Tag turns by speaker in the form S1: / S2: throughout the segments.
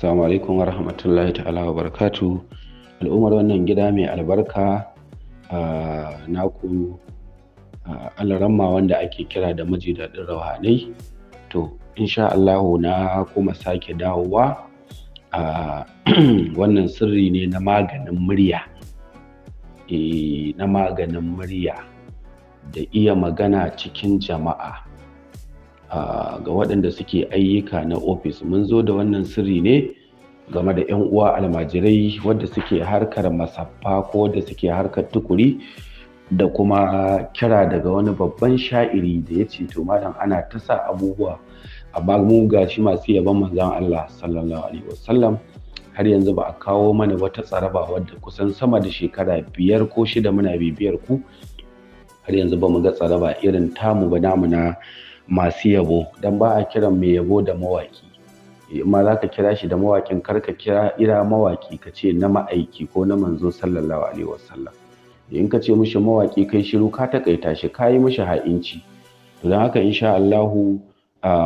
S1: Assalamu alaikum wa rahmatullahi ta'ala wa barakatu. Al'ummar wannan gida mai albarka a naku uh, alaramma wanda ake kira da maji daɗin rawanai. To, insha Allah na kuma sake dawowa a wannan sirri ne na maganin murya. E, na maganin murya da iya magana cikin jama'a. ga waɗanda suke ayyuka na ofis mun zo da wannan sirri ne game da 'yan uwa almajirai wadda suke harkar masaffa ko wadda suke harkar tukuri da kuma kira daga wani babban sha'iri da ya ce to malam ana ta sa abubuwa a bamu ga shi masu yaban manzon Allah sallallahu alaihi wasallam har yanzu ba a kawo mana wata tsaraba wadda kusan sama da shekara biyar ko shida muna bibiyar ku har yanzu ba mu ga tsaraba irin tamu ba namu na masu yabo don ba a kiran mai yabo da mawaki eh, ma za ka kira shi da mawakin kar ka kira ira mawaki ka ce na ma'aiki ko na manzo sallallahu alaihi wasallam in ka ce mishi mawaki kai shiru ka takaita shi ka yi mishi ha'inci to don haka insha Allahu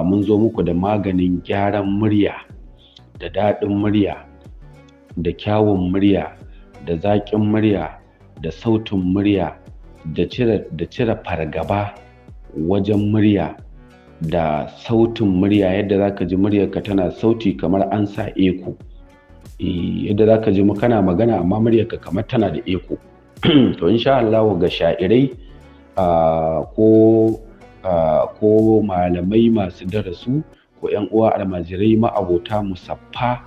S1: mun zo muku da maganin gyaran murya da daɗin murya da kyawun murya da zaƙin murya da sautin murya da cire fargaba wajen murya da sautin murya yadda za ka ji muryarka tana sauti kamar an sa eko eh, yadda za ka ji kana magana amma muryarka kamar tana da eko to insha Allah ga sha'irai ko malamai masu darasu ko 'yan uwa almajirai ma'abota musaffa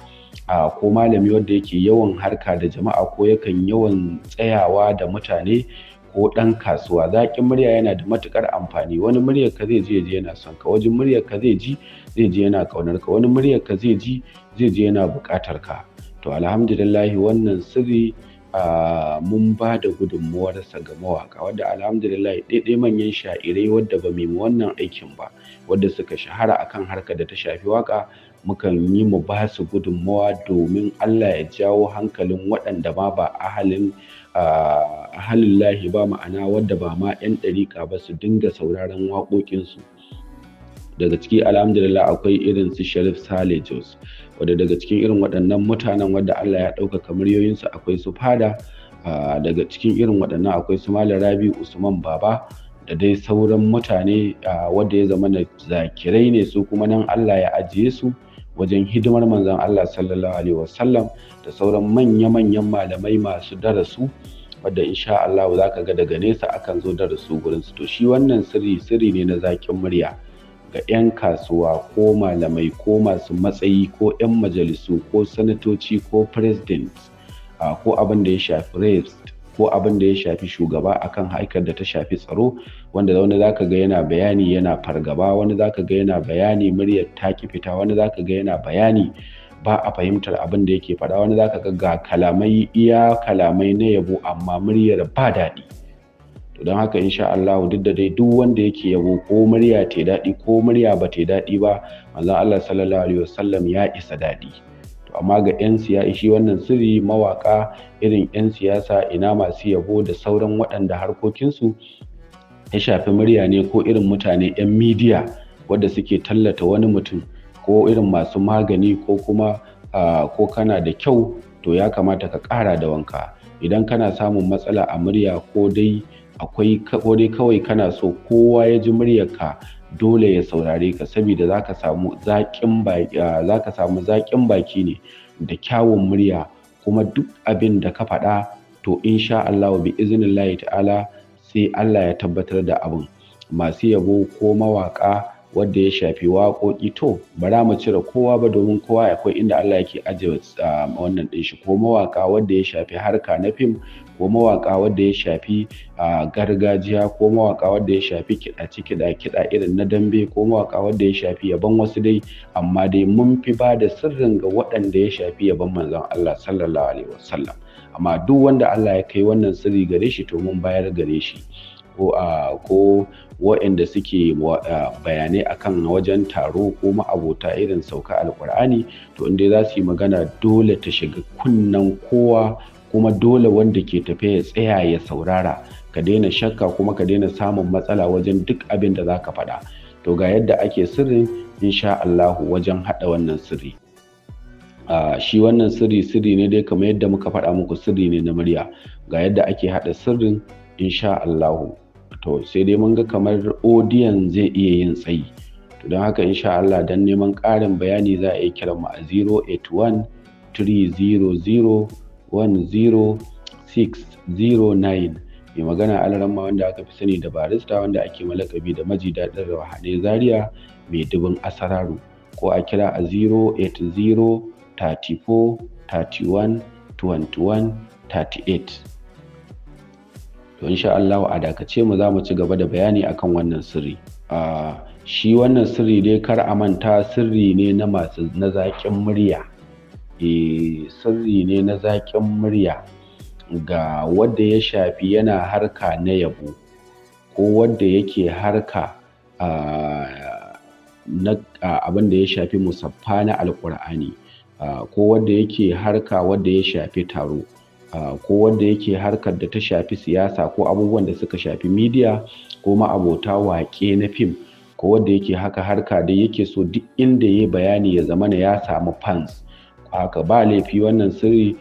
S1: ko malami wanda yake yawan harka da jama'a ko yakan yawan tsayawa da mutane ko ɗan kasuwa zaƙin murya yana da matuƙar amfani wani muryar ka zai je yana son ka wajen muryar ka zai ji zai je yana ƙaunar ka wani muryar ka zai ji zai je yana buƙatar ka to alhamdulillahi wannan sirri Ah, mun ba da gudunmuwarsa ga mawaƙa wadda alhamdulillah ɗaiɗai manyan sha'irai wadda ba mu wannan aikin ba wadda suka shahara akan harkar da ta shafi waka mukan yi mu ba su gudunmawa domin Allah ya jawo hankalin waɗanda ma ba ahalin ah, ahalin lahi ba ma'ana wadda ba ma 'yan ɗariƙa ba su dinga sauraron waƙoƙinsu daga ciki alhamdulillah akwai irin su sharif sale jos wadda daga cikin irin waɗannan mutanen wadda Allah ya ɗaukaka muryoyinsu akwai su fada daga cikin irin waɗannan akwai su Malam Rabi Usman Baba da dai sauran mutane wadda ya zama na zakirai ne su kuma nan Allah ya ajiye su wajen hidimar manzan Allah sallallahu alaihi wasallam da sauran manya-manyan malamai masu darasu wadda insha Allah za ka ga daga nesa akan zo darasu gurin su to shi wannan sirri sirri ne na zakin murya ga 'yan kasuwa ko malamai ko masu matsayi ko 'yan majalisu ko sanatoci ko president ko abin da ya shafi ko abin da ya shafi shugaba akan haikar da ta shafi tsaro wanda wani zaka ga yana bayani yana fargaba wani zaka ga yana bayani muryar ta fita wani zaka ga yana bayani ba a fahimtar abin da yake faɗa wani zaka ga ga kalamai iya kalamai na yabo amma muryar ba daɗi to don haka insha Allah duk da dai duk wanda yake yabo ko murya ta daɗi ko murya ba ta daɗi ba manzo Allah sallallahu alaihi wasallam ya isa daɗi to amma ga 'yan siyasa shi wannan sirri mawaka irin 'yan siyasa ina masu yabo da sauran waɗanda harkokinsu ya shafi murya ne ko irin mutane 'yan midiya wadda suke tallata wani mutum ko irin masu magani ko kuma ko kana da kyau to ya kamata ka ƙara da wanka idan kana samun matsala a murya ko dai akwai dai kawai kana so kowa ya ji muryarka dole ya saurare ka saboda za ka samu zaƙin baki ne da kyawun murya kuma duk abin da ka faɗa to insha Allah bi iznillahi ta'ala sai Allah ya tabbatar da abin masu yabo ko mawaƙa wadda ya shafi waƙoƙi to bara mu cire kowa ba domin kowa akwai inda Allah yake ajiye ah, wannan ɗin shi ko mawaka, wadda ya shafi harka na fim ko mawaƙa wadda ya shafi ah, gargajiya ko mawaƙa wadda ya shafi kiɗaci kiɗa kiɗa irin na dambe ko mawaƙa wadda ya shafi yaban wasu dai amma dai mun fi ba da sirrin ga waɗanda ya shafi yaban manzon Allah sallallahu alaihi wasallam amma duk wanda Allah ya kai wannan sirri gare shi to mun bayar gare shi ko a ko suke bayanai akan wajen taro ko ma'abota irin sauka alkur'ani to inda za su yi magana dole ta shiga kunnen kowa kuma dole wanda ke tafe ya tsaya ya saurara ka daina shakka kuma ka daina samun matsala wajen duk abin da za ka faɗa to ga yadda ake sirrin insha Allahu wajen haɗa wannan sirri shi wannan sirri sirri ne dai kamar yadda muka faɗa muku sirri ne na murya ga yadda ake haɗa sirrin insha Allahu to sai dai mun ga kamar odiyan zai iya yin tsayi to don haka insha Allah dan neman ƙarin bayani za a yi kiran mu a 081 300 10609 mai magana alaramma wanda aka fi sani da barista wanda ake malakabi da maji daɗin rawahanai zaria mai dubin asararu ko a kira a 080 34 31 21 38 to insha Allah a dakace mu za mu ci gaba da bayani akan wannan sirri shi wannan sirri dai kar a manta sirri ne na masu na zaƙin murya e sirri ne na zaƙin murya ga wanda ya shafi yana harka na yabo ko wanda yake harka na abin da ya shafi musaffa na alƙur'ani ko wanda yake harka wadda ya shafi taro ko wanda yake harkar da ta shafi siyasa ko abubuwan da suka shafi midiya ko abota waƙe na fim ko wanda yake haka harka da yake so duk inda ya bayani ya zamana ya samu fans haka ba laifi wannan sirri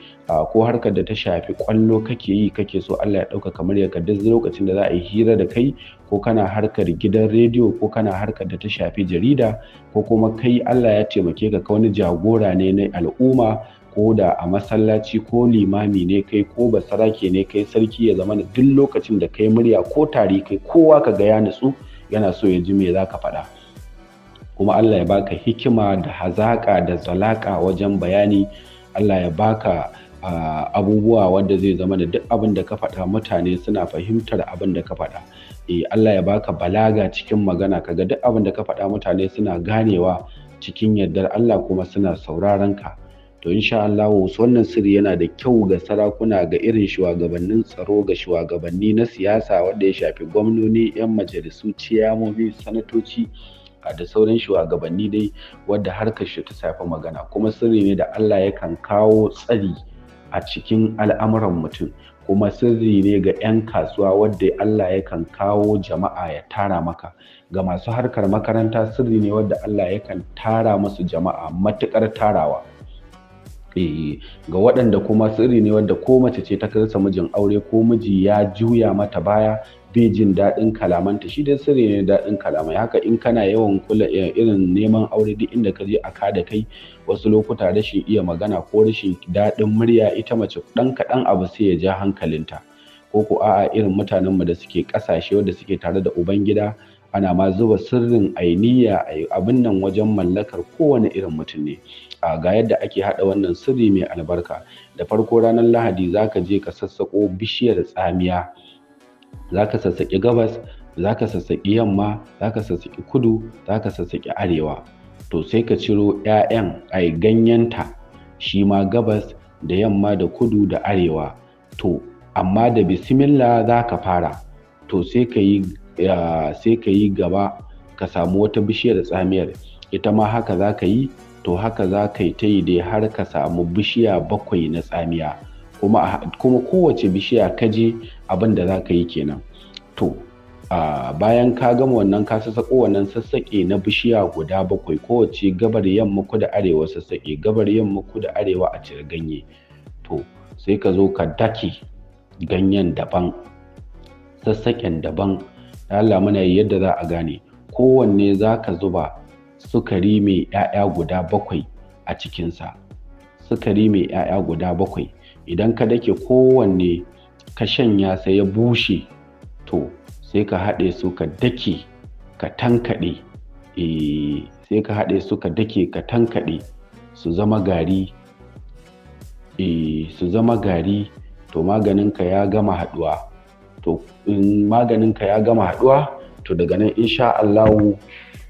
S1: ko harkar da ta shafi kwallo kake yi kake so Allah ya dauka kamar yadda duk lokacin da za a yi hira da kai ko kana harkar gidan rediyo ko kana harkar da ta shafi jarida ko kuma kai Allah ya taimake ka wani jagora ne na al'umma ko da a masallaci ko limami ne kai ko basarake ne kai sarki ya zama duk lokacin da kai murya ko tari kai kowa ka ga ya nutsu yana so ya ji me za ka faɗa kuma Allah ya baka hikima da hazaƙa da zalaƙa wajen bayani Allah ya baka abubuwa wanda zai zama da duk abin da ka faɗa mutane suna fahimtar abin da ka faɗa Eh Allah ya baka balaga cikin magana kaga duk abin da ka faɗa mutane suna ganewa cikin yardar Allah kuma suna sauraron ka to insha Allah wannan sirri yana da kyau ga sarakuna ga irin shugabannin tsaro ga shugabanni na siyasa wanda ya shafi gwamnoni yan majalisu ciyamomi sanatoci da sauran shugabanni dai wadda harkar shi ta safi magana kuma sirri ne da Allah yakan kawo tsari a cikin al'amuran mutum kuma sirri ne ga 'yan kasuwa wadda Allah yakan kawo jama'a ya tara maka ga masu harkar makaranta sirri ne wadda Allah yakan tara masu jama'a matukar tarawa eh ga waɗanda kuma sirri ne wanda ko mace ce ta karsa mijin aure ko miji ya juya mata baya bai jin daɗin kalamanta shi dai sirri ne daɗin kalamai haka in kana yawan kula eh, irin neman aure duk inda ka je a ka da kai wasu lokuta rashin iya magana ko rashin daɗin murya ita mace ɗan kaɗan abu sai ya ja hankalinta ko ko a'a irin mutanenmu da suke ƙasashe wanda suke tare da ubangida ana ma zuba sirrin ainiya abin nan wajen mallakar kowane irin mutum ne a ga yadda ake hada wannan sirri mai albarka da farko ranar lahadi za ka je ka sassako bishiyar tsamiya za ka sassaƙi gabas za ka sassaƙi yamma za ka sassaƙi kudu za ka sassaƙi arewa to sai ka ciro 'ya'yan ganyen ganyenta shi ma gabas da yamma da kudu da arewa to amma da bismillah za ka fara to sai ka yi sai ka yi gaba ka samu wata bishiyar tsamiyar ita ma haka za ka yi to haka za ka yi ta yi dai har ka samu bishiya bakwai na tsamiya kuma kowace bishiya ka je abin da za ka yi kenan to bayan ka gama wannan ka sassaƙo wannan sassaƙe na bishiya guda bakwai kowace gabar yamma kuda arewa sassaƙe gabar yamma kuda arewa a cire ganye to sai ka zo ka dake ganyen daban sassaƙen daban Allah muna yi yadda za a gane kowanne za ka zuba sukari mai 'ya'ya guda bakwai a cikinsa sukari mai 'ya'ya guda bakwai idan ka dake kowanne ka shanya sai ya bushe to sai ka haɗe su ka dake ka tankaɗe eh, sai ka haɗe su ka dake ka tankaɗe su zama gari eh, su zama gari to maganinka ya gama haɗuwa to in ka ya gama haduwa? to daga nan insha Allahu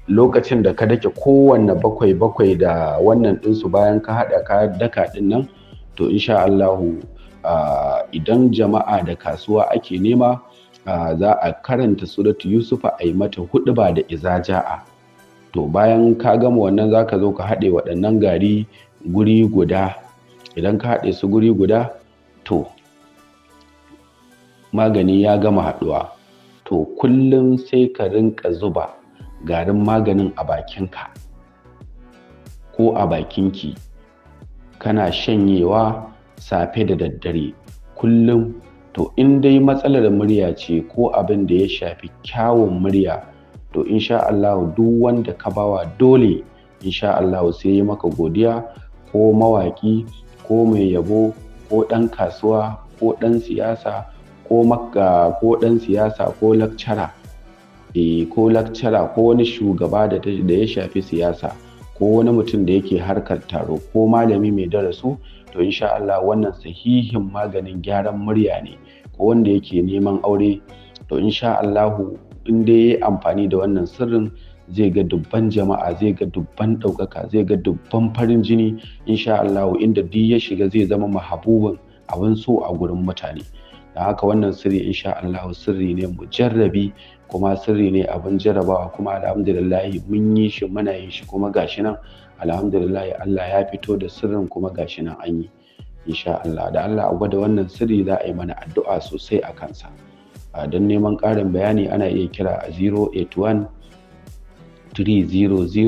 S1: lokacin da ka dake kowanne bakwai bakwai da wannan ɗinsu bayan ka haɗa ka daka ɗin nan to insha Allahu idan jama'a da kasuwa ake nema za a karanta suratu Yusufa a yi mata hudu ba da izaja'a to bayan ka gama wannan za zo ka haɗe waɗannan gari guri guda idan ka haɗe su guri guda to magani ya gama haɗuwa to kullum sai ka rinka zuba garin maganin a bakinka ko a bakinki kana shanyewa safe da daddare kullum to in dai matsalar murya ce ko abin da ya shafi kyawun murya to insha Allah duk wanda ka bawa dole insha Allah sai ya maka godiya ko mawaki ko mai yabo ko ɗan kasuwa ko ɗan siyasa ko maka ko ɗan siyasa ko lakcara eh, ko lakcara ko wani shugaba da ya shafi siyasa ko wani mutum da yake harkar taro ko malami mai darasu to insha Allah wannan sahihin maganin gyaran murya ne ko wanda yake neman aure to insha Allahu in dai ya amfani da wannan sirrin zai ga dubban jama'a zai ga dubban ɗaukaka zai ga dubban farin jini insha Allahu inda duk ya shiga zai zama mahabubin abin so a gurin mutane da haka wannan sirri insha Allah sirri ne mujarrabi kuma sirri ne abin jarrabawa kuma alhamdulillah mun yi shi muna yin shi kuma gashi nan alhamdulillah Allah ya fito da sirrin kuma gashi nan an yi insha Allah da Allah a gwada wannan sirri za a yi mana addu'a sosai a kansa don neman ƙarin bayani ana iya kira a 081 300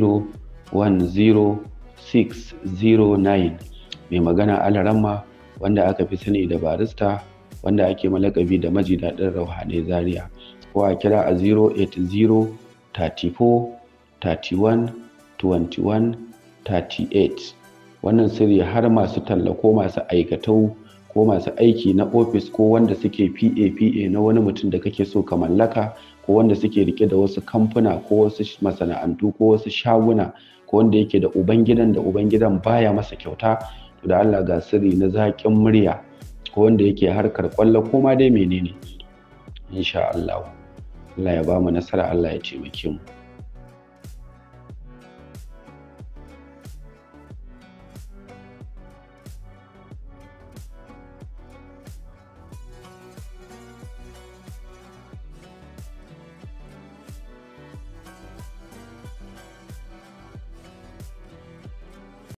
S1: 10609 mai magana alaramma wanda aka fi sani da barista wanda ake malakabi da maji daɗin rauhanai zaria ko a kira a 080 34 31 wannan sirri har masu talla ko masu aikatau ko masu aiki na ofis ko wanda suke PAPA na wani mutum da kake so ka mallaka ko wanda suke rike da wasu kamfuna ko wasu masana'antu ko wasu shaguna ko wanda yake da ubangidan da ubangidan baya masa kyauta da Allah ga sirri na zaƙin murya wanda yake harkar kwallo ko ma dai menene insha Allah Allah ya ba mu nasara Allah ya taimake mu